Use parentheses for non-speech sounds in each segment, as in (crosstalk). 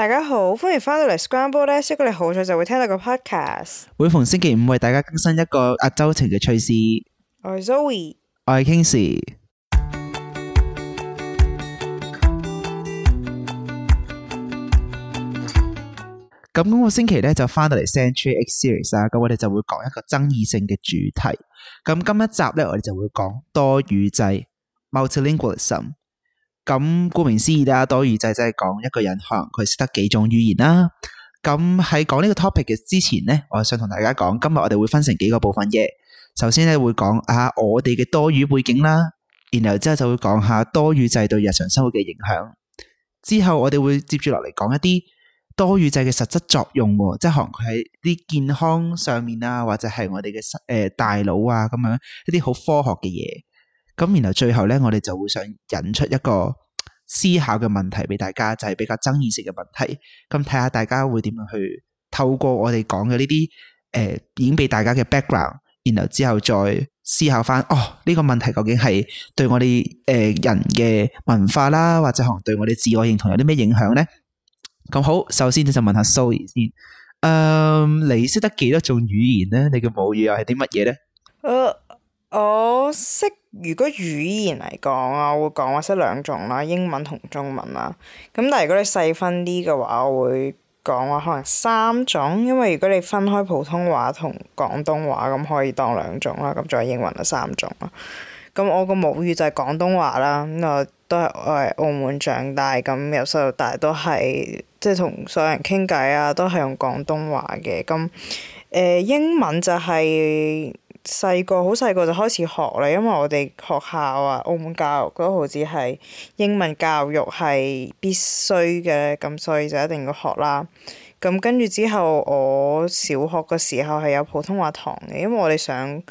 大家好，歡迎翻到嚟 Scramble 咧，星期你好彩就會聽到個 podcast，每逢星期五為大家更新一個亞洲情嘅趣事。我係 Zoe，我係 Kingsley。咁今個星期咧就翻到嚟 Century Egg Series 啊，咁我哋就會講一個爭議性嘅主題。咁今一集咧我哋就會講多語制 （multilingualism）。Mult 咁，顧名思義啦，多語制即係講一個人可能佢識得幾種語言啦。咁喺講呢個 topic 嘅之前咧，我想同大家講，今日我哋會分成幾個部分嘅。首先咧會講下我哋嘅多語背景啦，然後之後就會講下多語制對日常生活嘅影響。之後我哋會接住落嚟講一啲多語制嘅實質作用，即係可能佢喺啲健康上面啊，或者係我哋嘅誒大腦啊咁樣一啲好科學嘅嘢。咁，然後最後咧，我哋就會想引出一個思考嘅問題俾大家，就係比較爭議性嘅問題。咁睇下大家會點樣去透過我哋講嘅呢啲誒，已經俾大家嘅 background，然後之後再思考翻哦，呢個問題究竟係對我哋誒人嘅文化啦，或者可能對我哋自我認同有啲咩影響咧？咁好，首先你就問下 Zoe 先，嗯，你識得幾多種語言咧？你嘅母語又係啲乜嘢咧？我識如果語言嚟講啊，我會講我識兩種啦，英文同中文啦。咁但係如果你細分啲嘅話，我會講話可能三種，因為如果你分開普通話同廣東話咁，可以當兩種啦。咁仲有英文就三種啦。咁我個母語就係廣東話啦，咁啊都係我喺澳門長大，咁由細到大都係即係同所有人傾偈啊，都係用廣東話嘅。咁誒、呃、英文就係、是。細個好細個就開始學啦，因為我哋學校啊，澳門教育都好似係英文教育係必須嘅，咁所以就一定要學啦。咁跟住之後，我小學嘅時候係有普通話堂嘅，因為我哋上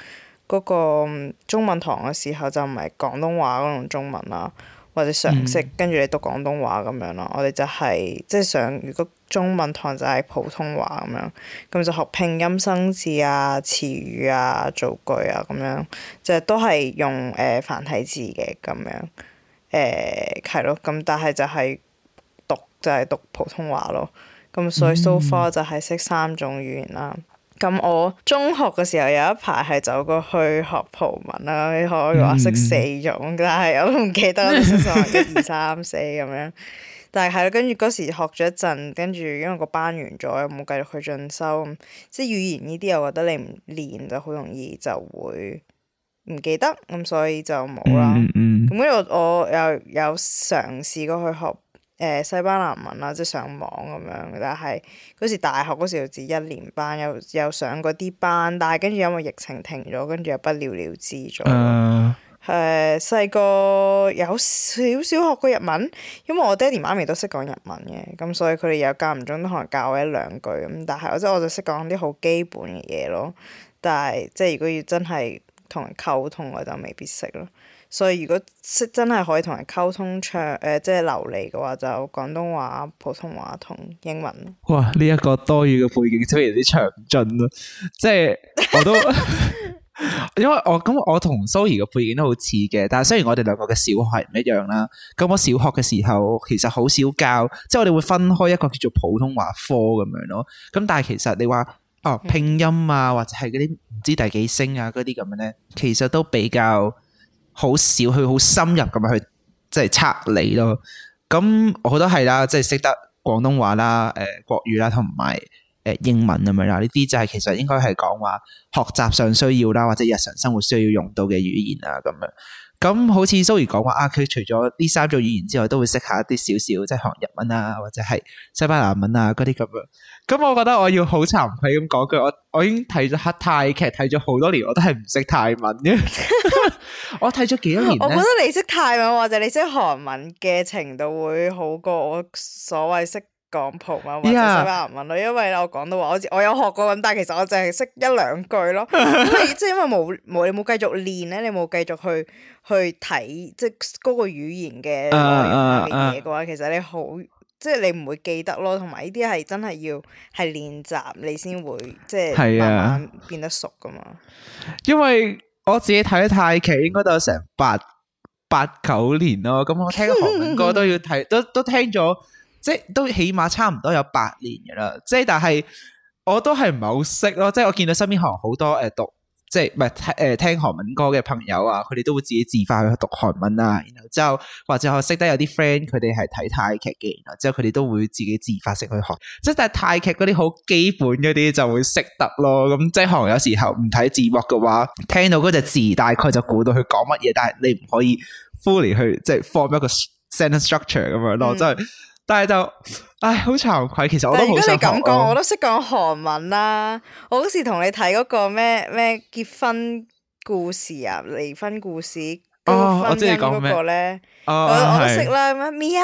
嗰個中文堂嘅時候就唔係廣東話嗰種中文啦。或者常識，跟住你讀廣東話咁樣咯。我哋就係即係想。如果中文堂就係普通話咁樣，咁就學拼音、生字啊、詞語啊、造句啊咁樣，就是、都係用誒、呃、繁體字嘅咁樣。誒、呃、係咯，咁但係就係讀就係、是、讀普通話咯。咁所以、嗯、so far 就係識三種語言啦。咁我中學嘅時候有一排係走過去學葡文啦，可以話識四種，但係我都唔記得， (laughs) 我一二三四咁樣。但係係咯，跟住嗰時學咗一陣，跟住因為個班完咗，又冇繼續去進修。即係語言呢啲，我覺得你唔練就好容易就會唔記得，咁所以就冇啦。咁、mm hmm。我我又有嘗試過去學。誒、呃、西班牙文啦，即係上網咁樣，但係嗰時大學嗰時只一年班，有又，又上過啲班，但係跟住因為疫情停咗，跟住又不了了之咗。誒細個有少少學過日文，因為我爹哋媽咪都識講日文嘅，咁所以佢哋又間唔中都可能教我一兩句咁，但係即係我就識講啲好基本嘅嘢咯。但係即係如果要真係同人溝通，我就未必識咯。所以如果識真係可以同人溝通唱，唱、呃、誒即係流利嘅話，就廣東話、普通話同英文哇！呢、這、一個多語嘅背景真係有啲詳盡咯，即係我都 (laughs) 因為我咁，我同 Zoe 嘅背景都好似嘅，但係雖然我哋兩個嘅小學係唔一樣啦，咁我小學嘅時候其實好少教，即係我哋會分開一個叫做普通話科咁樣咯。咁但係其實你話哦拼音啊，或者係嗰啲唔知第幾聲啊嗰啲咁樣咧，其實都比較。好少去好深入咁去即係測你咯，咁我覺得係啦，即係識得廣東話啦、誒、呃、國語啦同埋誒英文咁樣啦，呢啲就係、是、其實應該係講話學習上需要啦，或者日常生活需要用到嘅語言啊咁樣。咁、嗯、好似 Zoe 講話，阿、啊、Q 除咗呢三種語言之外，都會識下一啲少少，即係韓日文啊，或者係西班牙文啊嗰啲咁樣。咁、嗯、我覺得我要好慚愧咁講句，我我已經睇咗黑泰劇睇咗好多年，我都係唔識泰文嘅。 (laughs) (laughs) 我睇咗幾多年 (laughs) 我覺得你識泰文或者你識韓文嘅程度會好過我所謂識。講普通話或者西班牙文咯，Yeah. 因為我講到話，我我有學過咁，但係其實我淨係識一兩句咯，即係 (laughs) 因為冇冇你冇繼續練咧，你冇繼續去去睇即係嗰個語言嘅嘅嘢嘅話，其實你好即係你唔會記得咯，同埋呢啲係真係要係練習你先會即係慢慢變得熟噶嘛。Yeah. 因為我自己睇泰劇應該都有成八八九年咯，咁我聽韓文歌都要睇， (laughs) 都都聽咗。即係都起碼差唔多有八年噶啦，即係但係我都係唔係好識咯，即係我見到身邊韓好多誒讀，即係唔係誒聽韓、呃、文歌嘅朋友啊，佢哋都會自己自發去讀韓文啊，然後之後或者我識得有啲 friend 佢哋係睇泰劇嘅，然後之後佢哋都會自己自發性去學，即係但係泰劇嗰啲好基本嗰啲就會識得咯，咁即係可能有時候唔睇字幕嘅話，聽到嗰隻字大概就估到佢講乜嘢，但係你唔可以 fully 去即係 form 一個 sentence structure 咁樣咯，即係。但係就，唉，好慚愧，其實我都好如果你咁講，我都識講韓文啦。我嗰時同你睇嗰個咩咩結婚故事啊，離婚故事，婚姻嗰個咧、那個哦那個，我都我都識啦。咁啊 m e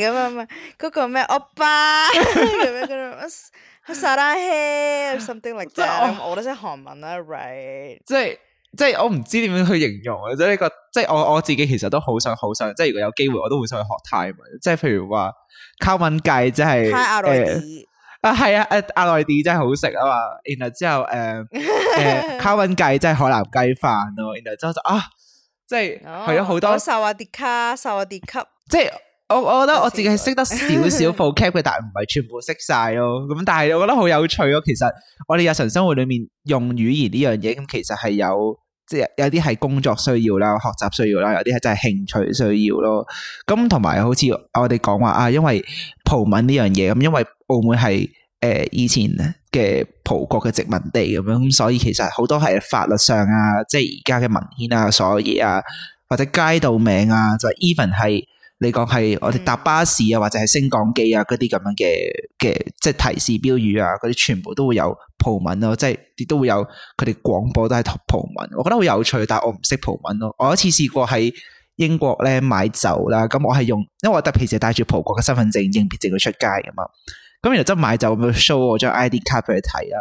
咁啊咁啊，嗰個咩 o 巴？p a 咁啊咁啊拉 h a t、right、s that h i n g l i 我我都識韓文啦，right？即係。即係我唔知點樣去形容或者呢個，即係我我自己其實都好想好想，即係如果有機會我都會想去學泰文。即係譬如話，烤文界即係阿內迪啊，係啊，阿阿內迪真係好食啊嘛。然後之後誒誒，烤、呃、燜 (laughs) 雞即係海南雞飯咯。然後之後就啊，即係去咗好多受阿迪卡，受阿迪卡，即係。我我覺得我自己係識得少少複 cap 嘅，但係唔係全部識晒咯。咁但係我覺得好有趣咯。其實我哋日常生活裏面用語言呢樣嘢，咁其實係有即係、就是、有啲係工作需要啦，學習需要啦，有啲係真係興趣需要咯。咁同埋好似我哋講話啊，因為葡文呢樣嘢咁，因為澳門係誒、呃、以前嘅葡國嘅殖民地咁樣，咁所以其實好多係法律上啊，即係而家嘅文獻啊，所有嘢啊，或者街道名啊，就 even 係。你講係我哋搭巴士啊，或者係升降機啊，嗰啲咁樣嘅嘅，即係提示標語啊，嗰啲全部都會有葡文咯、啊，即係亦都會有佢哋廣播都係同葡文。我覺得好有趣，但係我唔識葡文咯、啊。我有一次試過喺英國咧買酒啦，咁、嗯、我係用，因為我特別就帶住葡國嘅身份證、認別證去出街啊嘛。咁、嗯、然後之後買酒，佢 show 我張 ID 卡俾佢睇啊。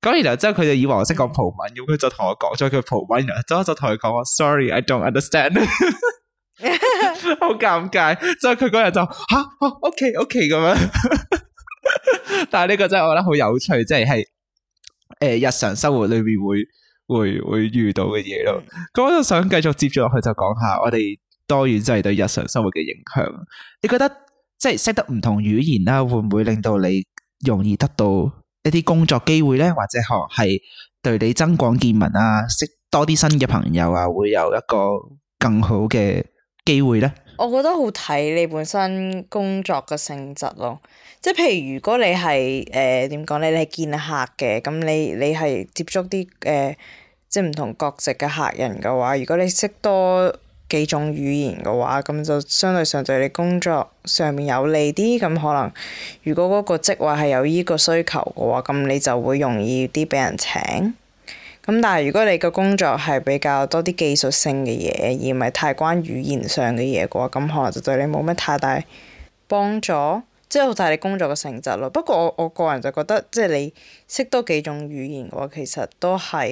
咁、嗯、然後之後佢就以為我識講葡文，咁佢就同我講，咗係佢葡文。然之後就同佢講，話 sorry，I don't understand。 (laughs) 好 (laughs) 尷尬，所以佢嗰日就吓、啊啊，OK OK 咁樣。但係呢個真係我覺得好有趣，即係誒日常生活裏面會會會遇到嘅嘢咯。咁我就想繼續接住落去，就講下我哋多語真係對日常生活嘅影響。你覺得即係識得唔同語言啦、啊，會唔會令到你容易得到一啲工作機會咧？或者可能係對你增廣見聞啊，識多啲新嘅朋友啊，會有一個更好嘅。機會咧，我覺得好睇你本身工作嘅性質咯。即係譬如如果你係誒點講咧，你係見客嘅，咁你你係接觸啲誒即係唔同國籍嘅客人嘅話，如果你識多幾種語言嘅話，咁就相對上對你工作上面有利啲。咁可能如果嗰個職位係有依個需求嘅話，咁你就會容易啲俾人請。咁但係如果你嘅工作係比較多啲技術性嘅嘢，而唔係太關語言上嘅嘢嘅話，咁可能就對你冇乜太大幫助，即係好睇你工作嘅成績咯。不過我我個人就覺得，即係你識多幾種語言嘅話，其實都係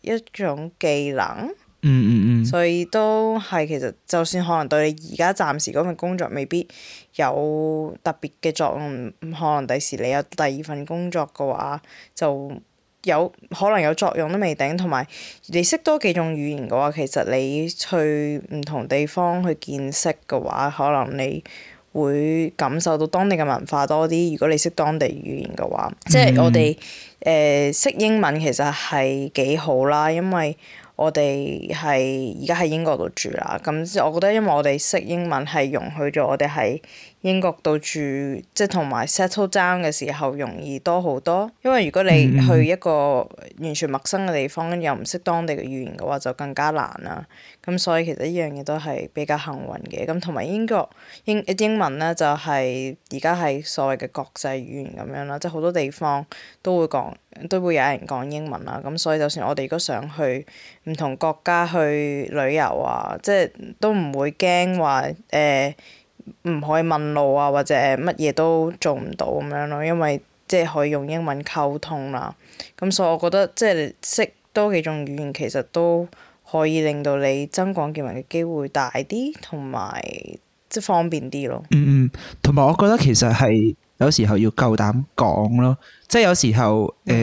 一種技能。嗯嗯嗯。所以都係其實，就算可能對你而家暫時嗰份工作未必有特別嘅作用，可能第時你有第二份工作嘅話就。有可能有作用都未定，同埋你識多幾種語言嘅話，其實你去唔同地方去見識嘅話，可能你會感受到當地嘅文化多啲。如果你識當地語言嘅話，嗯、即係我哋誒識英文其實係幾好啦，因為我哋係而家喺英國度住啦。咁我覺得因為我哋識英文係容許咗我哋喺。英國到住，即係同埋 settle down 嘅時候容易多好多，因為如果你去一個完全陌生嘅地方，又唔識當地嘅語言嘅話，就更加難啦。咁所以其實呢樣嘢都係比較幸運嘅。咁同埋英國英英文咧就係而家係所謂嘅國際語言咁樣啦，即係好多地方都會講都會有人講英文啦。咁所以就算我哋如果想去唔同國家去旅遊啊，即係都唔會驚話誒。呃唔可以問路啊，或者乜嘢都做唔到咁樣咯，因為即係可以用英文溝通啦。咁所以我覺得即係識多幾種語言，其實都可以令到你增廣見聞嘅機會大啲，同埋即係方便啲咯。嗯嗯，同埋我覺得其實係有時候要夠膽講咯，即係有時候誒、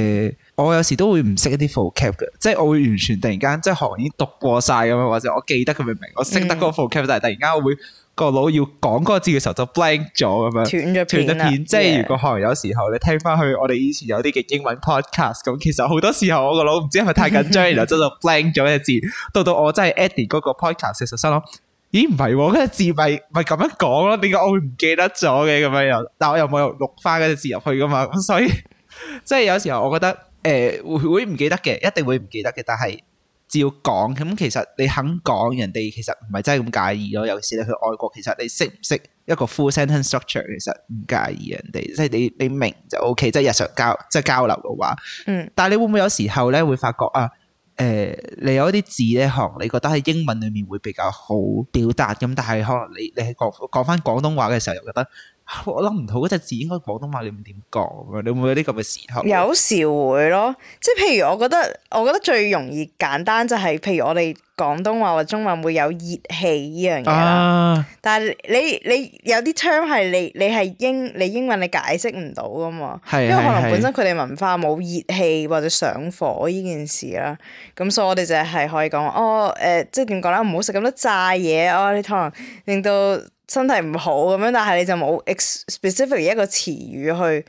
呃，我有時都會唔識一啲 full cap 嘅，嗯、即係我會完全突然間即係行已經讀過晒咁樣，或者我記得佢明明我識得嗰個 full cap，但係突然間我會。個腦要講嗰個字嘅時候就 blank 咗咁樣斷咗斷咗片，即係是如果可能有時候 Yeah. 你聽翻去我哋以前有啲嘅英文 podcast，咁其實好多時候我個腦唔知係咪太緊張， (laughs) 然後就到 blank 咗嘅字，到到我真係 edit 嗰個 podcast 事實上咯，咦唔係，嗰、啊嗰個字咪咪咁樣講咯，點解我會唔記得咗嘅咁樣又？但係我又冇有錄翻嗰隻字入去噶嘛，所以 (laughs) 即係有時候我覺得誒、呃、會唔記得嘅，一定會唔記得嘅，但係。照講咁，其實你肯講，人哋其實唔係真係咁介意咯。尤其是你去外國，其實你識唔識一個 full sentence structure，其實唔介意人哋。即係你你明就 OK，即係日常交即係交流嘅話。嗯，但係你會唔會有時候咧會發覺啊？誒、呃，你有一啲字咧，可能你覺得喺英文裡面會比較好表達咁，但係可能你你喺講講翻廣東話嘅時候又覺得。我諗唔到嗰隻、那個、字應該廣東話你唔點講啊？你會唔會有啲咁嘅時候？有時會咯，即係譬如我覺得，我覺得最容易簡單就係，譬如我哋廣東話或中文會有熱氣呢樣嘢啦。啊、但係你你有啲 term 係你你係英你英文你解釋唔到噶嘛？是是是因為可能本身佢哋文化冇熱氣或者上火呢件事啦。咁是所以我哋就係可以講哦誒、呃，即係點講咧？唔好食咁多炸嘢哦，你可能令到。身體唔好咁樣，但係你就冇 specifically 一個詞語去，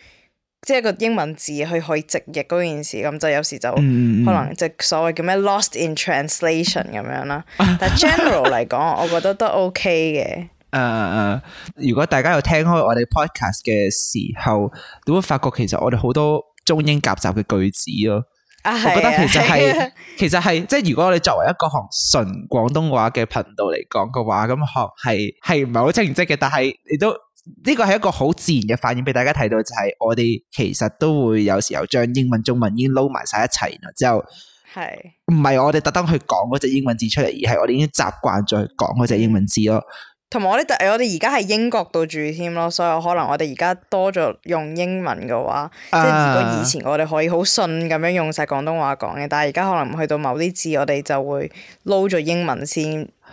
即係個英文字去去直譯嗰件事，咁就有時就可能即係所謂叫咩 lost in translation 咁、嗯、樣啦。但係 general 嚟講， (laughs) 我覺得都 OK 嘅。誒誒，如果大家有聽開我哋 podcast 嘅時候，你會發覺其實我哋好多中英夾雜嘅句子咯。我覺得其實係， (laughs) 其實係即係，如果我哋作為一個行純廣東話嘅頻道嚟講嘅話，咁行係係唔係好清晰嘅，但係亦都呢個係一個好自然嘅反應，俾大家睇到就係、是、我哋其實都會有時候將英文、中文已經撈埋晒一齊啦，然之後係唔係我哋特登去講嗰隻英文字出嚟，而係我哋已經習慣咗去講嗰隻英文字咯。嗯同埋我哋而家喺英國度住添咯，所以可能我哋而家多咗用英文嘅話，啊、即係如果以前我哋可以好順咁樣用晒廣東話講嘅，但係而家可能去到某啲字，我哋就會撈咗英文先，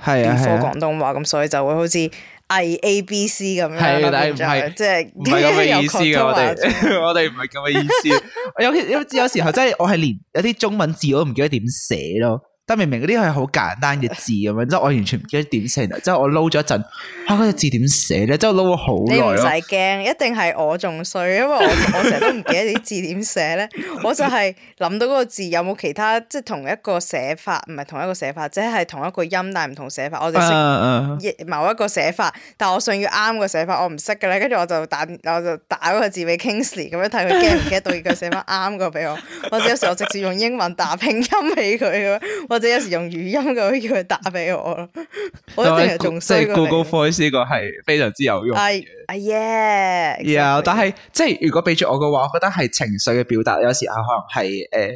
變科廣東話，咁所以就會好似 ABC 咁樣。係，但即係唔係咁嘅意思嘅。 (laughs) 我哋我哋唔係咁嘅意思。有有有，時候真係我係連有啲中文字我都唔記得點寫咯。但明明嗰啲係好簡單嘅字咁樣，即係 (laughs) 我完全唔記得點寫。即係 (laughs) 我 load 咗一陣，啊嗰、那個、字點寫咧？即係 load 咗好，你唔使驚，一定係我仲衰，因為我 (laughs) 我成日都唔記得啲字點寫咧。我就係諗到嗰個字有冇其他，即係同一個寫法，唔係同一個寫法，即係同一個音但係唔同寫法。我就識某一個寫法，但我想要啱個寫法，我唔識嘅咧。跟住我就打，我就打嗰個字俾 Kingsley 咁樣睇，佢驚唔驚？到佢寫翻啱個俾我。 (laughs) (laughs) 我有時候直接用英文打拼音俾佢咁樣。或者有時用語音嘅叫佢打俾我咯，我成日仲即係 Google Voice 呢個係非常之有用。係、uh, uh, yeah, exactly. yeah,，哎呀，有，但係即係如果俾住我嘅話，我覺得係情緒嘅表達，有時候可能係誒、呃，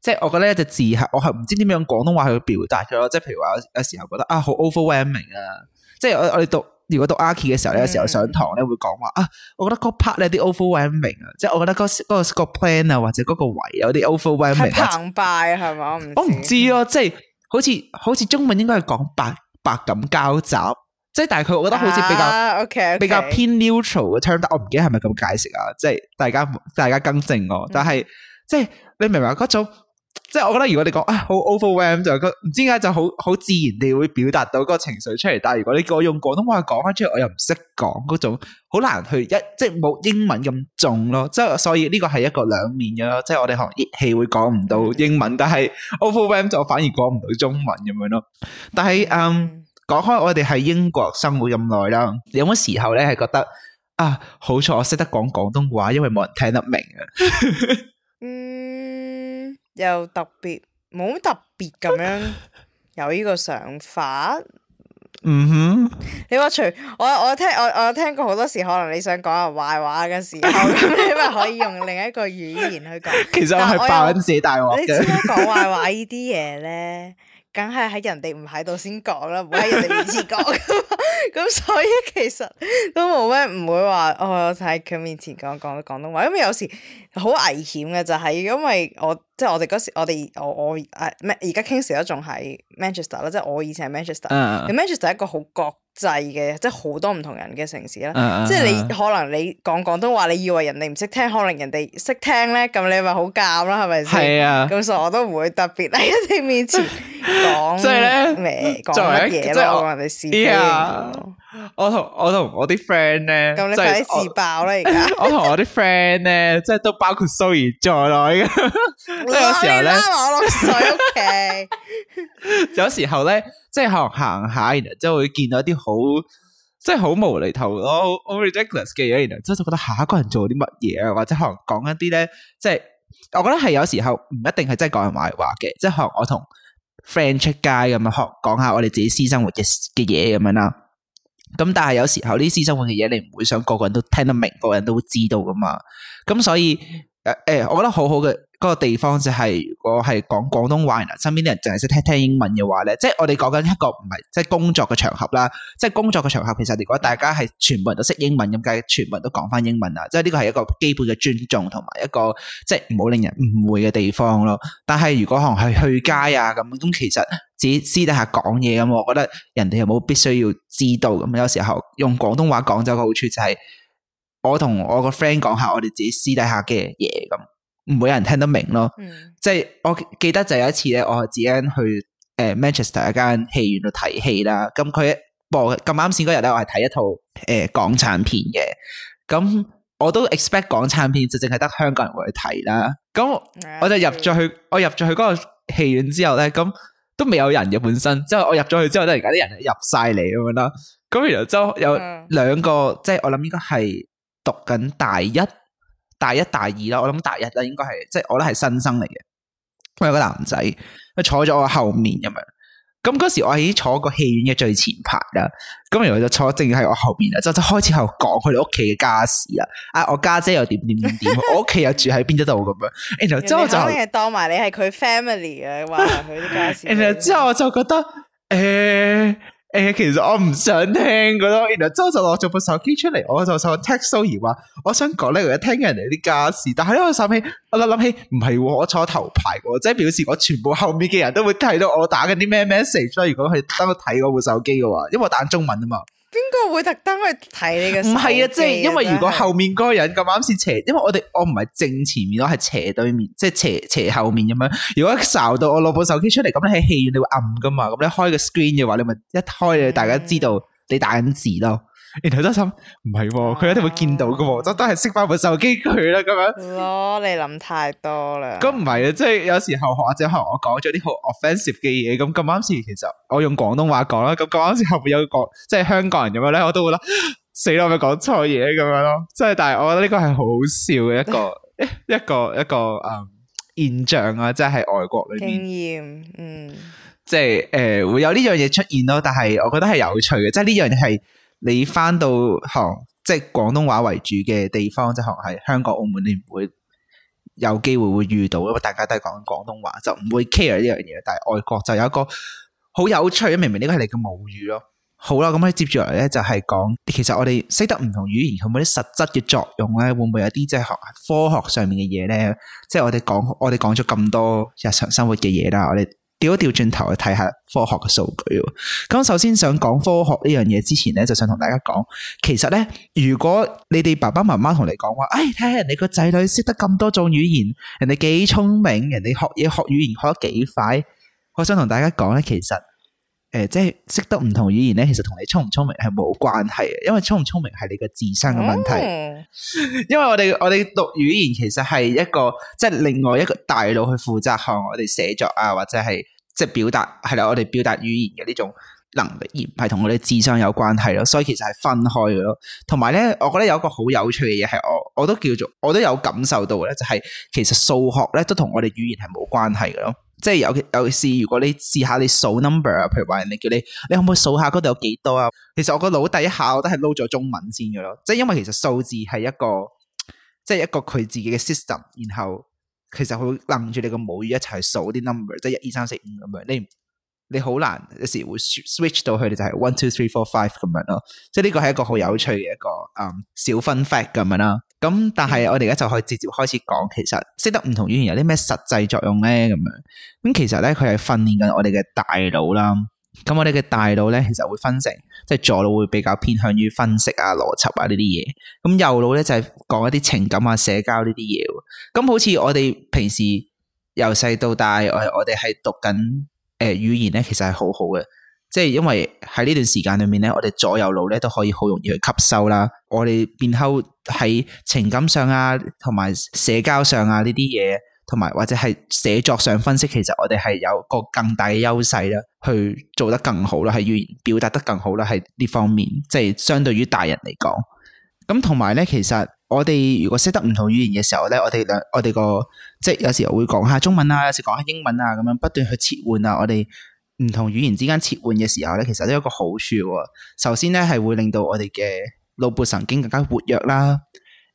即係我覺得一隻字係我係唔知點樣用廣東話去表達嘅咯，即係譬如話有有時候覺得啊好 overwhelming 啊，即係我我哋讀。如果讀 Archi 嘅時候咧，有時候上堂咧會講話，嗯、啊，我覺得嗰 part 咧有啲 overwhelming 啊，即係我覺得嗰嗰個 plan 啊或者嗰個位有啲 overwhelming。係澎湃係嘛是？我唔我唔知咯，啊，嗯，即係好似好似中文應該係講百百感交集，即係但係佢我覺得好似比較，啊，OK, okay 比較偏 neutral 嘅 term，但係我唔記得係咪咁解釋啊，即係大家大家更正我，但係，嗯嗯，即係你明白嗰種。即係我覺得如果你講啊、好、哎、overwhelm 就唔知點解就好好自然地會表達到嗰個情緒出嚟，但係如果你我用廣東話講翻出嚟，我又唔識講嗰種，好難去一即係冇英文咁重咯。即係所以呢個係一個兩面嘅，即係我哋學益氣會講唔到英文，但係 overwhelm 就反而講唔到中文咁樣咯。但係嗯，講開我哋喺英國生活咁耐啦，有乜時候咧係覺得啊好彩我識得講廣東話，因為冇人聽得明啊。又特別冇特別咁樣有呢個想法。 (laughs) 嗯哼，你話除我我聽我我聽過好多時，可能你想講人壞話嘅時候， (laughs) (laughs) 你咪可以用另一個語言去講。 (laughs) 其實我係爆緊自己大話 (laughs) 你知壞話你識得講壞話呢啲嘢咧？梗係喺人哋唔喺度先講啦，唔喺人哋面前講噶。咁 (laughs) 所以其實都冇咩唔會話，我喺佢面前講講廣東話。因為有時好危險嘅就係，因為我即係我哋嗰時，我哋我我誒咩而家傾時都仲喺 Manchester 啦，er、ester, 即係我以前喺 Manchester。嗯、uh, Manchester 係一個好國際嘅，即係好多唔同人嘅城市啦。Uh, uh, uh, 即係你可能你講廣東話，你以為人哋唔識聽，可能人哋識聽咧，咁你咪好尐啦，係咪先？係啊。咁所以我都唔會特別喺人哋面前。Uh, (laughs) 講即係咧，講乜嘢咯？人哋試聽。我同我同我啲 friend 咧，就係自爆啦而家。我同我啲 friend 咧，即係都包括 Zoe 在內嘅。有時候咧，我落水屋企。有時候咧，即係可能行下，然之後會見到一啲好，即係好無厘頭咯，好 ridiculous 嘅嘢。然之後就覺得下一個人做啲乜嘢啊，或者可能講一啲咧，即係我覺得係有時候唔一定係真係講人壞話嘅，即係可能我同 friend 出街咁樣學講下我哋自己私生活嘅嘅嘢咁樣啦。咁但係有時候呢，私生活嘅嘢，你唔會想個個人都聽得明，個個人都知道噶嘛。咁所以。誒誒、哎，我覺得好好嘅嗰個地方就係、是，如果係講廣東話，而身邊啲人淨係識聽聽英文嘅話咧，即係我哋講緊一個唔係即係工作嘅場合啦，即係工作嘅場合，其實如果大家係全部人都識英文咁，梗係全部人都講翻英文啦，即係呢個係一個基本嘅尊重同埋一個即係唔好令人誤會嘅地方咯。但係如果可能係去去街啊咁，咁其實只私私底下講嘢咁，我覺得人哋又冇必須要知道咁，有時候用廣東話講就個好處就係、是。我同我個 friend 講下我哋自己私底下嘅嘢咁，唔會有人聽得明咯。即係 (noise) 我記得就有一次咧，我自己去誒 Manchester 一間戲院度睇戲啦。咁佢播咁啱先嗰日咧，我係睇一套誒港產片嘅。咁我都 expect 港產片就淨係得香港人會去睇啦。咁我, (noise) 我就入咗去，我入咗去嗰個戲院之後咧，咁都未有人嘅本身。之後我入咗去之後咧，而家啲人入晒嚟咁樣啦。咁然後就有兩個， (noise) 即係我諗應該係。讀緊大一、大一、大二啦，我諗大一啦，應該係，即係我都係新生嚟嘅。我有個男仔，佢坐咗我後面，咁嗰時我已經坐喺個戲院嘅最前排啦。咁然後就坐正喺我後面啦，就就開始喺度講佢哋屋企嘅家事啦。啊，我家姐、姐又點點點點，我屋企又住喺邊一度咁樣。 (laughs) 然後之後就當埋你係佢 family 啊，話佢啲家事。然後之後我就覺得誒。欸誒、欸，其實我唔想聽噶咯，然之後，就攞咗部手機出嚟，我就想 text 蘇怡話，我想講咧，我而家聽緊人哋啲家事。但係咧，我手起，我諗起唔係喎，我坐頭排喎，即係表示我全部後面嘅人都會睇到我打緊啲咩 message。如果佢得我睇嗰部手機嘅話，因為我打緊中文啊嘛。邊個會特登去睇你嘅？唔係啊，即係因為如果後面嗰個人咁啱先斜，因為我哋我唔係正前面咯，係斜對面，即係斜斜後面咁樣。如果一睄到我攞部手機出嚟，咁你喺戲院你會暗噶嘛？咁你開個 screen 嘅話，你咪一開，你大家知道你打緊字咯。嗯然後真心唔係，佢、哦、一定會見到噶、哦，就都係熄翻部手機佢啦咁樣。咯、哦，你諗太多啦。咁唔係，即係有時候或者可能我講咗啲好 offensive 嘅嘢，咁咁啱先。其實我用廣東話講啦，咁咁啱先後邊有個即係香港人咁樣咧，我都會覺得，呃、死啦，咪講錯嘢咁樣咯。即係，但係我覺得呢個係好笑嘅一個 (laughs) 一個一個誒、um, 現象啊，即係外國裏邊，嗯，即係誒會有呢樣嘢出現咯。但係我覺得係有趣嘅，即係呢樣嘢係。你翻到行即係廣東話為主嘅地方，即係香港、澳門，你唔會有機會會遇到，因為大家都係講廣東話，就唔會 care 呢樣嘢。但係外國就有一個好有趣，明明呢個係你嘅母語咯。好啦，咁可以接住落嚟咧就係講，其實我哋識得唔同語言，佢冇啲實質嘅作用咧，會唔會有啲即係學科學上面嘅嘢咧？即係我哋講，我哋講咗咁多日常生活嘅嘢啦，我哋。調一調轉頭去睇下科學嘅數據。咁首先想講科學呢樣嘢之前呢，就想同大家講，其實呢，如果你哋爸爸媽媽同你講話，唉、哎，睇下人哋個仔女識得咁多種語言，人哋幾聰明，人哋學嘢學語言學得幾快，我想同大家講咧，其實。誒，即係識得唔同語言咧，其實同你聰唔聰明係冇關係嘅，因為聰唔聰明係你嘅智商嘅問題。因為我哋我哋讀語言其實係一個即係、就是、另外一個大腦去負責學我哋寫作啊，或者係即係表達係啦，我哋表達語言嘅呢種能力，而唔係同我哋智商有關係咯。所以其實係分開嘅咯。同埋咧，我覺得有一個好有趣嘅嘢係我我都叫做我都有感受到嘅咧，就係、是、其實數學咧都同我哋語言係冇關係嘅咯。即係尤其尤其是，如果你試下你數 number 啊，譬如話人哋叫你，你可唔可以數下嗰度有幾多啊？其實我個腦第一下我都係撈咗中文先嘅咯，即係因為其實數字係一個即係一個佢自己嘅 system，然後其實佢會楞住你個母語一齊數啲 number，即係一二三四五咁樣，你你好難有時會 switch 到佢哋，就係 one two three four five 咁樣咯。即係呢個係一個好有趣嘅一個嗯、um, 小 fun fact 咁樣啦。咁、嗯、但係我哋而家就可以直接開始講，其實識得唔同語言有啲咩實際作用咧？咁樣咁、嗯、其實咧，佢係訓練緊我哋嘅大腦啦。咁我哋嘅大腦咧，其實會分成，即係左腦會比較偏向於分析啊、邏輯啊、嗯、呢啲嘢。咁右腦咧就係、是、講一啲情感啊、社交呢啲嘢。咁、嗯、好似我哋平時由細到大，我我哋係讀緊誒、呃、語言咧，其實係好好嘅。即係因為喺呢段時間裏面咧，我哋左右腦咧都可以好容易去吸收啦。我哋變後喺情感上啊，同埋社交上啊呢啲嘢，同埋或者係寫作上分析，其實我哋係有個更大嘅優勢啦，去做得更好啦，係語言表達得更好啦，喺呢方面，即係相對於大人嚟講。咁同埋咧，其實我哋如果識得唔同語言嘅時候咧，我哋兩我哋個即係有時候會講下中文啊，有時講下英文啊，咁樣不斷去切換啊，我哋。唔同語言之間切換嘅時候咧，其實都有個好處、哦。首先咧係會令到我哋嘅腦部神經更加活躍啦，誒、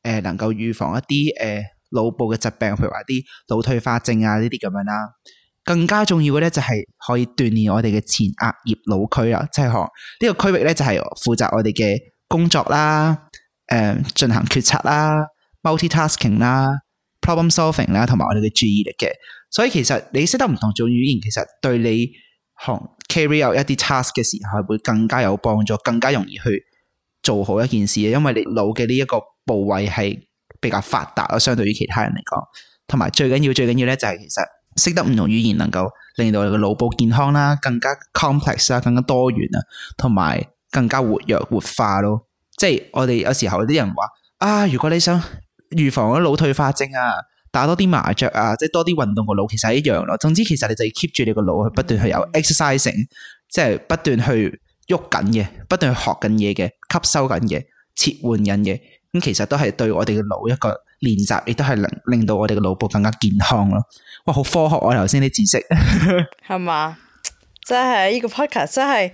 呃，能夠預防一啲誒腦部嘅疾病，譬如話一啲腦退化症啊呢啲咁樣啦。更加重要嘅咧就係、是、可以鍛煉我哋嘅前額葉腦區啊，即係學呢個區域咧就係、是、負責我哋嘅工作啦，誒、呃，進行決策啦，multitasking 啦，problem solving 啦，同埋我哋嘅注意力嘅。所以其實你識得唔同種語言，其實對你。行 carry out 一啲 task 嘅時候，會更加有幫助，更加容易去做好一件事啊！因為你腦嘅呢一個部位係比較發達啊，相對於其他人嚟講，同埋最緊要最緊要咧就係其實識得唔同語言，能夠令到你嘅腦部健康啦，更加 complex 啦，更加多元啊，同埋更加活躍活化咯。即係我哋有時候啲人話啊，如果你想預防嗰啲腦退化症啊。打多啲麻雀啊，即係多啲運動個腦，其實一樣咯。總之其實你就要 keep 住你個腦去不斷去有 exercising，即係不斷去喐緊嘅，不斷、嗯、去不斷學緊嘢嘅，吸收緊嘅，切換緊嘅。咁其實都係對我哋嘅腦一個練習，亦都係令令到我哋嘅腦部更加健康咯。哇，好科學！我頭先啲知識係嘛，即係呢個 Podcast 真係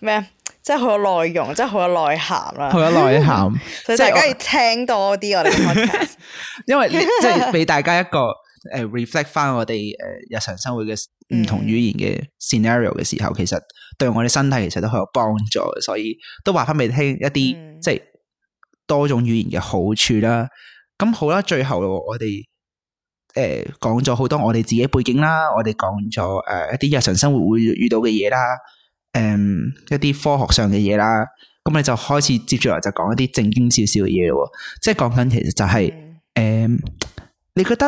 咩？即係好有內容，即係好有內涵啦、啊。好有內涵，所以大家要聽多啲我哋 (laughs) 因為你 (laughs) 即係俾大家一個誒、uh, reflect 翻我哋誒、uh, 日常生活嘅唔同語言嘅 scenario 嘅時候，嗯、其實對我哋身體其實都好有幫助。所以都話翻俾你聽一啲、嗯、即係多種語言嘅好處啦。咁好啦，最後咯，我哋誒講咗好多我哋自己背景啦，我哋講咗誒一啲日常生活會遇到嘅嘢啦。誒、嗯，一啲科學上嘅嘢啦，咁你就開始接住落嚟就講一啲正經少少嘅嘢咯，即係講緊其實就係、是、誒、嗯嗯，你覺得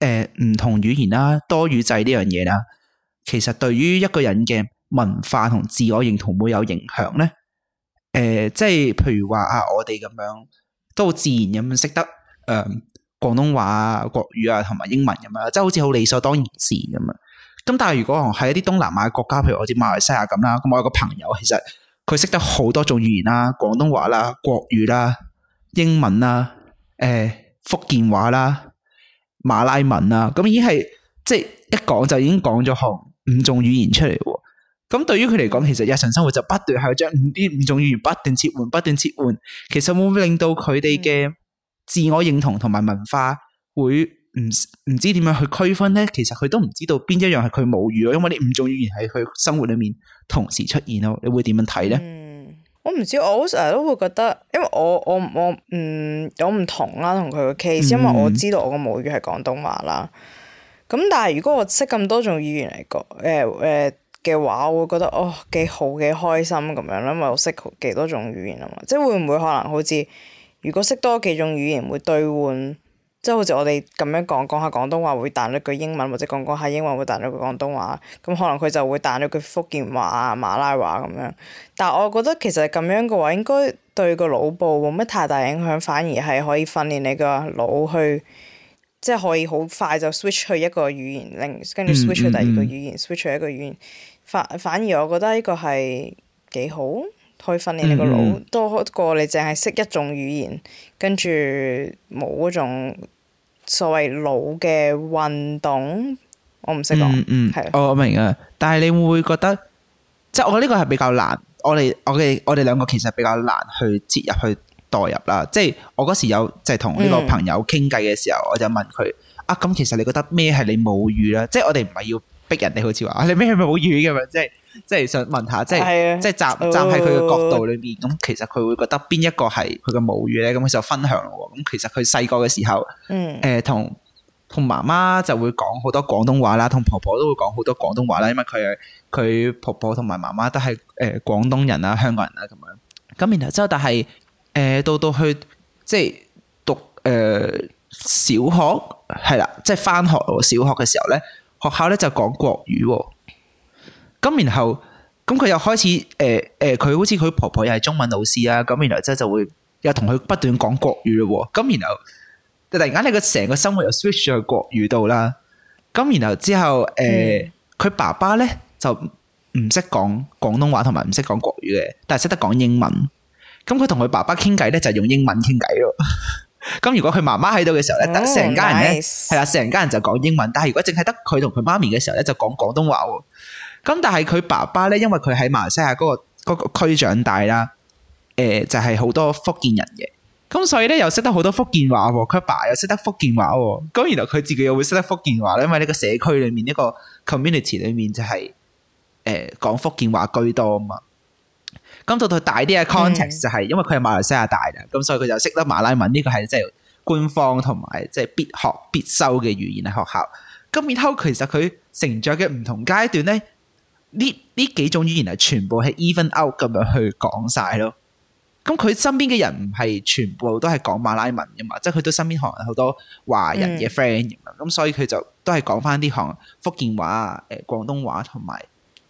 誒唔、嗯、同語言啦、啊、多語制呢樣嘢啦，其實對於一個人嘅文化同自我認同會有影響咧？誒、嗯，即係譬如話啊，我哋咁樣都好自然咁識得誒廣、嗯、東話啊、國語啊同埋英文咁、啊、樣，即係好似好理所當然事咁啊！咁但係如果喺一啲東南亞國家，譬如我似馬來西亞咁啦，咁我有個朋友，其實佢識得好多種語言啦，廣東話啦、國語啦、英文啦、誒、呃、福建話啦、馬拉文啦，咁已經係即係一講就已經講咗五種語言出嚟。咁對於佢嚟講，其實日常生活就不斷係將五、D 五種語言不斷切換、不斷切換，其實會唔會令到佢哋嘅自我認同同埋文化會。唔唔知點樣去區分咧？其實佢都唔知道邊一樣係佢母語，因為呢五種語言喺佢生活裏面同時出現咯。你會點樣睇咧？嗯，我唔知，我成日都會覺得，因為我我我嗯，我有唔同啦，同佢嘅 case，因為我知道我個母語係廣東話啦。咁、嗯、但係如果我識咁多種語言嚟講，誒誒嘅話，我會覺得哦幾好幾開心咁樣，因為我識幾多種語言啊嘛，即係會唔會可能好似如果識多幾種語言會兌換？即係好似我哋咁樣講講下廣東話會彈咗句英文，或者講講下英文會彈咗句廣東話，咁可能佢就會彈咗句福建話啊、馬拉話咁樣。但係我覺得其實咁樣嘅話，應該對個腦部冇乜太大影響，反而係可以訓練你個腦去，即係可以好快就 switch 去一個語言，令跟住、嗯嗯、switch 去第二個語言、嗯嗯，switch 去一個語言。反反而我覺得呢個係幾好，可以訓練你個腦多過你淨係識一種語言，跟住冇嗰種。所謂腦嘅運動，我唔識講。係，我我明啊，但係你會唔會覺得，即係我覺得呢個係比較難。我哋我嘅我哋兩個其實比較難去接入去代入啦。即係我嗰時有就係同呢個朋友傾偈嘅時候，我就問佢：嗯、啊咁，其實你覺得咩係你母語啦？即係我哋唔係要逼人哋，好似話、啊、你咩係母語噉樣，即係。即係想問下，即係即係站站喺佢嘅角度裏面，咁其實佢會覺得邊一個係佢嘅母語咧？咁佢就分享咯。咁其實佢細個嘅時候，嗯，誒、呃，同同媽媽就會講好多廣東話啦，同婆婆都會講好多廣東話啦，因為佢佢婆婆同埋媽媽都係誒廣東人啊，香港人啊咁樣。咁然後之後，但係誒、呃、到到去即係讀誒、呃、小學係啦，即係翻學小學嘅時候咧，學校咧就講國語。咁然後，咁佢又開始誒誒，佢好似佢婆婆又係中文老師啊。咁然後之後就會又同佢不斷講國語咯。咁然後，突然間你個成個生活又 switch 咗去國語度啦。咁然後之後，誒佢爸爸咧就唔識講廣東話同埋唔識講國語嘅，但係識得講英文。咁佢同佢爸爸傾偈咧就係用英文傾偈咯。咁如果佢媽媽喺度嘅時候咧，得成家人咧係啦，成家人就講英文。但係如果淨係得佢同佢媽咪嘅時候咧，就講廣東話喎。咁但係佢爸爸咧，因為佢喺馬來西亞嗰、那個嗰、那個區長大啦，誒、呃、就係、是、好多福建人嘅，咁所以咧又識得好多福建話、啊，佢爸又識得福建話、啊，咁然後佢自己又會識得福建話、啊、因為呢個社區裏面呢、這個 community 裏面就係、是、誒、呃、講福建話居多啊嘛。咁到到大啲嘅 context 就係、是，嗯、因為佢係馬來西亞大嘅，咁、嗯、所以佢就識得馬來文呢、這個係即係官方同埋即係必學必修嘅語言係學校。咁然後其實佢成長嘅唔同階段咧。呢呢幾種語言係全部係 even out 咁樣去講晒咯。咁佢身邊嘅人唔係全部都係講馬拉文噶嘛，即係佢都身邊有好多華人嘅 friend 咁、嗯，所以佢就都係講翻啲學福建話、誒、呃、廣東話同埋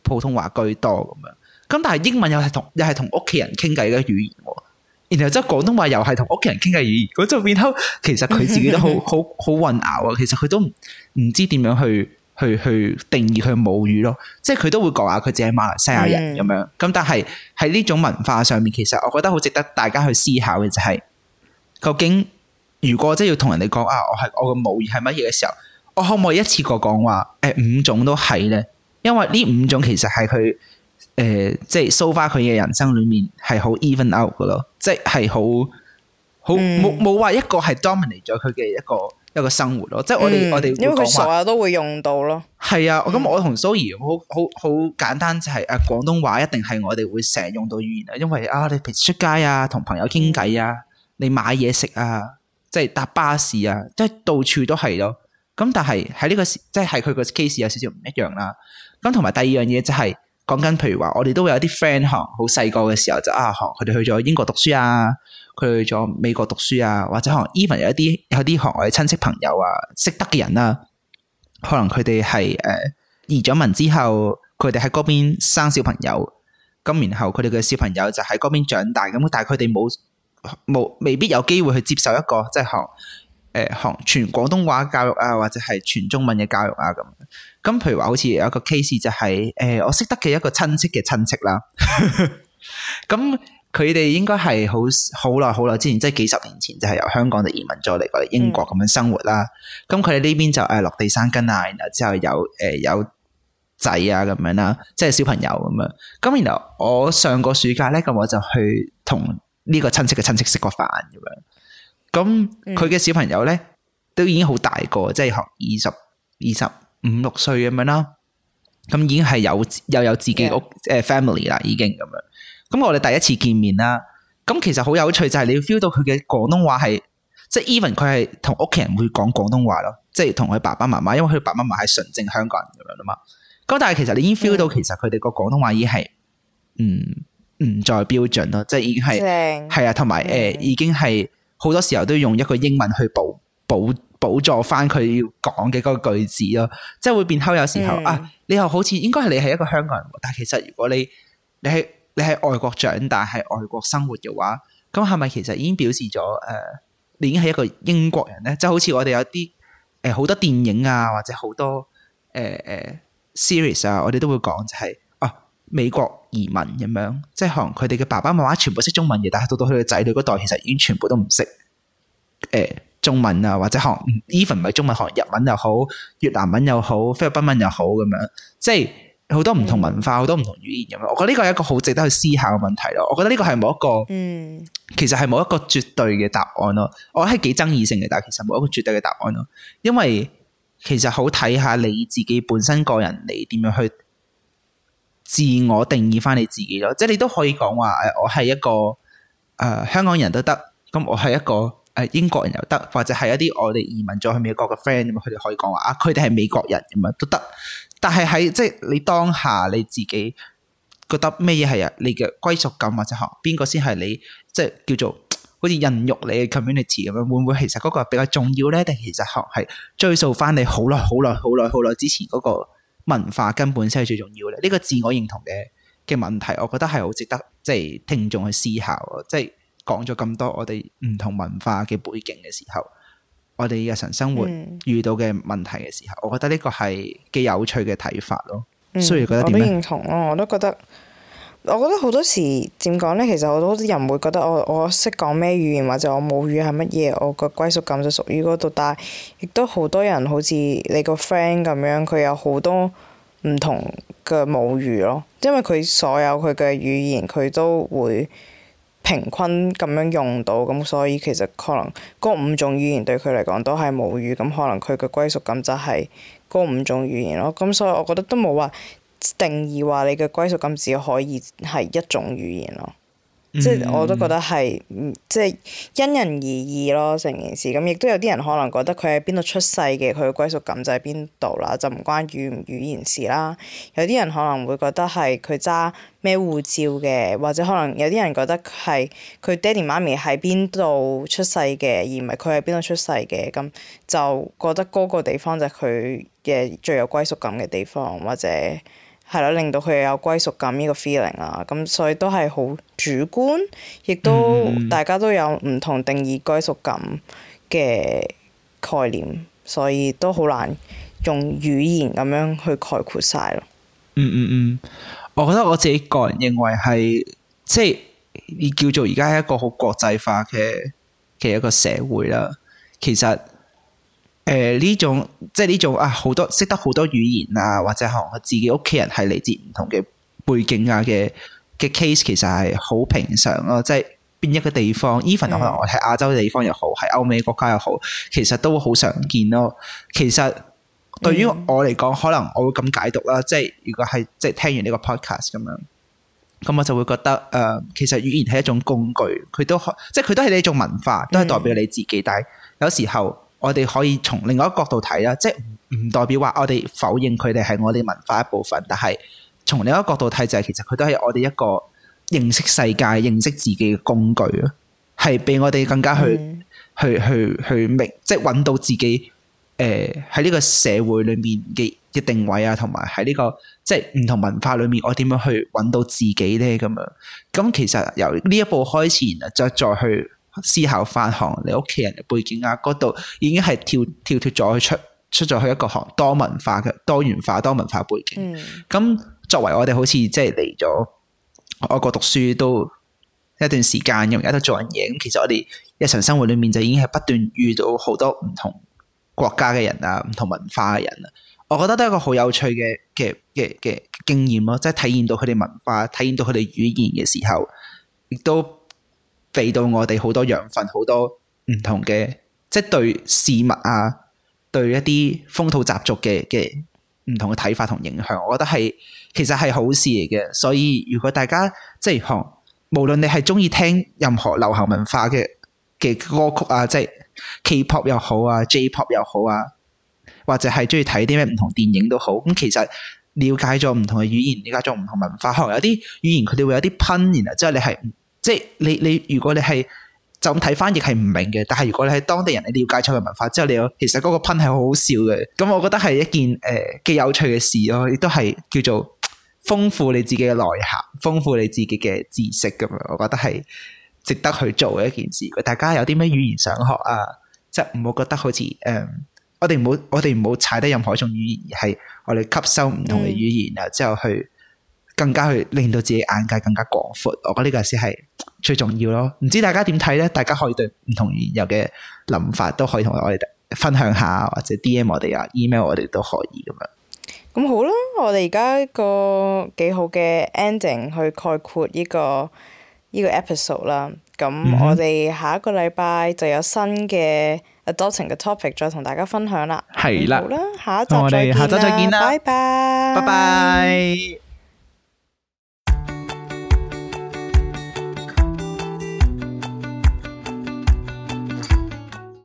普通話居多咁樣。咁但係英文又係同又係同屋企人傾偈嘅語言喎、哦。然後即係廣東話又係同屋企人傾偈語言，我就變翻其實佢自己都 (laughs) 好好好混淆啊、哦。其實佢都唔知點樣去。去去定義佢母語咯，即係佢都會講話佢自己係馬來西亞人咁樣，咁、mm. 但係喺呢種文化上面，其實我覺得好值得大家去思考嘅就係、是，究竟如果即係要同人哋講啊，我係我嘅母語係乜嘢嘅時候，我可唔可以一次過講話誒五種都係咧？因為呢五種其實係佢誒即係 so far 佢嘅人生裏面係好 even out 嘅咯，即係好好冇冇話一個係 dominate 咗佢嘅一個。一個生活咯，即係我哋、嗯、我哋因為佢所有都會用到咯，係啊，咁、嗯、我同 Zoe 好好好簡單就係、是、啊廣東話一定係我哋會成日用到語言啊，因為啊你平時出街啊，同朋友傾偈啊，你買嘢食啊，即係搭巴士啊、即係、啊、到處都係咯，咁但係喺呢個即係佢個 case 有少少唔一樣啦，咁同埋第二樣嘢就係、是。講緊譬如話，我哋都會有啲 friend 行，好細個嘅時候就啊行，佢哋去咗英國讀書啊，佢去咗美國讀書啊，或者可能 even 有一啲有啲海外親戚朋友啊識得嘅人啦、啊，可能佢哋係誒移咗民之後，佢哋喺嗰邊生小朋友，咁然後佢哋嘅小朋友就喺嗰邊長大，咁但係佢哋冇冇未必有機會去接受一個即係行。啊誒、呃，全廣東話教育啊，或者係全中文嘅教育啊，咁。咁譬如話，好似有一個 case 就係、是，誒、呃，我識得嘅一個親戚嘅親戚啦。咁佢哋應該係好好耐好耐之前，即係幾十年前，就係由香港就移民咗嚟英國咁樣生活啦。咁佢哋呢邊就誒、呃、落地生根啊，然後之後有誒、呃、有仔啊咁樣啦，即係小朋友咁樣。咁然後我上個暑假咧，咁我就去同呢個親戚嘅親戚食個飯咁樣。咁佢嘅小朋友咧，都已經好大個，即係學二十、二十五六歲咁樣啦。咁已經係有又有自己屋誒 Yeah.、uh, family 啦，已經咁樣。咁我哋第一次見面啦。咁其實好有趣，就係你會 feel 到佢嘅廣東話係，即係 even 佢係同屋企人會講廣東話咯。即係同佢爸爸媽媽，因為佢爸爸媽媽係純正香港人咁樣啦嘛。咁但係其實你已經 feel 到，其實佢哋個廣東話已經係，嗯，唔再標準咯，即係已經係係 Yeah. 啊，同埋誒已經係。好多時候都用一個英文去補補補助翻佢要講嘅嗰個句子咯，即係會變後。有時候、嗯、啊，你又好似應該係你係一個香港人，但係其實如果你你係你係外國長大、係外國生活嘅話，咁係咪其實已經表示咗、呃、你已經係一個英國人咧？即係好似我哋有啲誒好多電影啊，或者好多誒誒 series 啊，我哋都會講就係、是、哦、啊、美國。移民咁樣，即係可能佢哋嘅爸爸媽媽全部識中文嘅，但係到到佢嘅仔女嗰代，其實已經全部都唔識誒、呃、中文啊，或者學 even 唔係中文，學日文又好，越南文又好，菲律賓文又好咁樣，即係好多唔同文化，好、嗯、多唔同語言咁樣。我覺得呢個係一個好值得去思考嘅問題咯。我覺得呢個係冇一個，嗯，其實係冇一個絕對嘅答案咯。我係幾爭議性嘅，但係其實冇一個絕對嘅答案咯。因為其實好睇下你自己本身個人你點樣去。自我定義翻你自己咯，即係你都可以講話誒，我係一個誒、呃、香港人都得，咁我係一個誒、呃、英國人又得，或者係一啲我哋移民咗去美國嘅 friend 咁佢哋可以講話啊，佢哋係美國人咁樣都得。但係喺即係你當下你自己覺得咩嘢係啊？你嘅歸屬感或者學邊個先係你，即係叫做好似孕育你嘅 community 咁樣，會唔會其實嗰個比較重要咧？定其實學係追溯翻你好耐好耐好耐好耐之前嗰個？文化根本先係最重要咧？呢、這個自我認同嘅嘅問題，我覺得係好值得即係聽眾去思考。即係講咗咁多我哋唔同文化嘅背景嘅時候，我哋日常生活遇到嘅問題嘅時候，嗯、我覺得呢個係幾有趣嘅睇法咯。嗯、所以我覺得點樣我都認同咯、啊，我都覺得。我覺得好多時點講呢？其實好多啲人會覺得我我識講咩語言，或者我母語係乜嘢，我個歸屬感就屬於嗰度。但係亦都好多人好似你個 friend 咁樣，佢有好多唔同嘅母語咯。因為佢所有佢嘅語言，佢都會平均咁樣用到，咁所以其實可能嗰五種語言對佢嚟講都係母語，咁可能佢嘅歸屬感就係嗰五種語言咯。咁所以我覺得都冇話定義話你嘅歸屬感只可以係一種語言咯，嗯、即係我都覺得係，即係因人而異咯。成件事咁亦都有啲人可能覺得佢喺邊度出世嘅，佢嘅歸屬感就喺邊度啦，就唔關語唔語言事啦。有啲人可能會覺得係佢揸咩護照嘅，或者可能有啲人覺得係佢爹哋媽咪喺邊度出世嘅，而唔係佢喺邊度出世嘅，咁就覺得嗰個地方就係佢嘅最有歸屬感嘅地方，或者。係啦，令到佢有歸屬感呢個 feeling 啊，咁所以都係好主觀，亦都大家都有唔同定義歸屬感嘅概念，所以都好難用語言咁樣去概括晒咯。嗯嗯嗯，我覺得我自己個人認為係，即係叫做而家係一個好國際化嘅嘅一個社會啦，其實。誒，呢、呃、種即係呢種啊，好多識得好多語言啊，或者係自己屋企人係嚟自唔同嘅背景啊嘅嘅 case，其實係好平常咯、啊。即係邊一個地方，even 可能我喺亞洲嘅地方又好，喺歐美國家又好，其實都好常見咯、啊。其實對於我嚟講，可能我會咁解讀啦、啊。即係如果係即係聽完呢個 podcast 咁樣，咁我就會覺得誒、呃，其實語言係一種工具，佢都即係佢都係呢種文化，都係代表你自己，嗯、但係有時候。我哋可以從另外一個角度睇啦，即係唔代表話我哋否認佢哋係我哋文化一部分，但係從另一個角度睇就係其實佢都係我哋一個認識世界、認識自己嘅工具咯，係俾我哋更加去、嗯、去去去明，即係揾到自己誒喺呢個社會裏面嘅嘅定位啊，同埋喺呢個即係唔同文化裏面，我點樣去揾到自己咧咁樣，咁其實由呢一步開始，就再去。思考翻行你屋企人嘅背景啊，嗰度已經係跳，跳跳脫咗去出出咗去一個行多文化嘅多元化多文化背景。咁、嗯、作為我哋好似即係嚟咗外國讀書都一段時間，用而家都做緊嘢。咁其實我哋日常生活裏面就已經係不斷遇到好多唔同國家嘅人啊，唔同文化嘅人啊。我覺得都係一個好有趣嘅嘅嘅嘅經驗咯，即係體驗到佢哋文化，體驗到佢哋語言嘅時候，亦都。俾到我哋好多養分，好多唔同嘅，即係對事物啊，對一啲風土習俗嘅嘅唔同嘅睇法同影響，我覺得係其實係好事嚟嘅。所以如果大家即係，無論你係中意聽任何流行文化嘅嘅歌曲啊，即係 K-pop 又好啊，J-pop 又好啊，或者係中意睇啲咩唔同電影都好，咁其實了解咗唔同嘅語言，了解咗唔同文化，可能有啲語言佢哋會有啲噴，然後之後你係。即係你你如果你係就咁睇翻譯係唔明嘅，但係如果你係當地人你了解咗佢文化之後，你又其實嗰個噴係好好笑嘅。咁我覺得係一件誒幾、呃、有趣嘅事咯，亦都係叫做豐富你自己嘅內涵，豐富你自己嘅知識咁樣。我覺得係值得去做嘅一件事。大家有啲咩語言想學啊？即係唔好覺得好似誒、呃，我哋唔好我哋唔好踩低任何一種語言，而係我哋吸收唔同嘅語言，嗯、然後之後去。更加去令到自己眼界更加廣闊，我覺得呢個先係最重要咯。唔知大家點睇咧？大家可以對唔同原有嘅諗法都可以同我哋分享下，或者 DM 我哋啊，email 我哋都可以咁樣。咁好啦，我哋而家個幾好嘅 ending 去概括呢個呢個 episode 啦。咁我哋下一個禮拜就有新嘅 adopting 嘅 topic 再同大家分享啦。係啦的，好啦，下週我哋下週再見啦，見拜拜，拜拜。